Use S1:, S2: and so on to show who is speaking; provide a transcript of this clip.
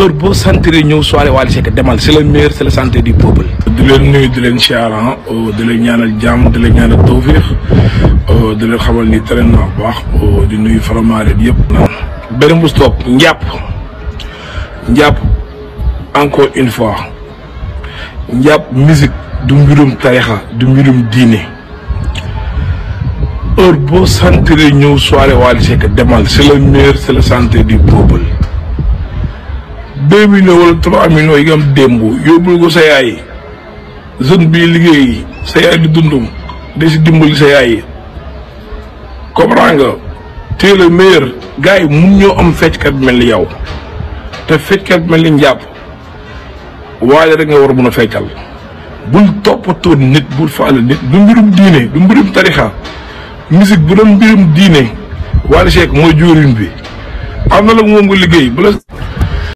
S1: heure boo sentir ñëw soirée Wally Seck demal c'est le meilleur c'est la santé du peuple. di leen nuyu di leen siyaara euh, di leen ñaanal jàmm di leen ñaanal tawfiix euh, di leen xamal ni tere na baax euh, di nuyu faramaare bi yëpp. beneen bu stop njàpp njàpp encore une fois njàpp musique du mbirum tarixa du mbirum diine heure boo sentir ñëw soirée Wally Seck demal c'est le meilleur c'est la santé du peuple. deux millions wala trois millions yi nga am démb yóbbul ko sa yaay jeune bii liggéey sa yaay di dundum da si dimbali sa yaay comprends nga tée le meilleur mun ñoo am fecckat mel ni yow te fecckat mel ni njàpp waaye rek nga war a mun a feccal bul toppatoo nit bul faale nit du mbirum diine du mbirum tarixa musique bu doon mbirum diine Wally Seck mooy jóorin bi am na la moom nga liggéey bu la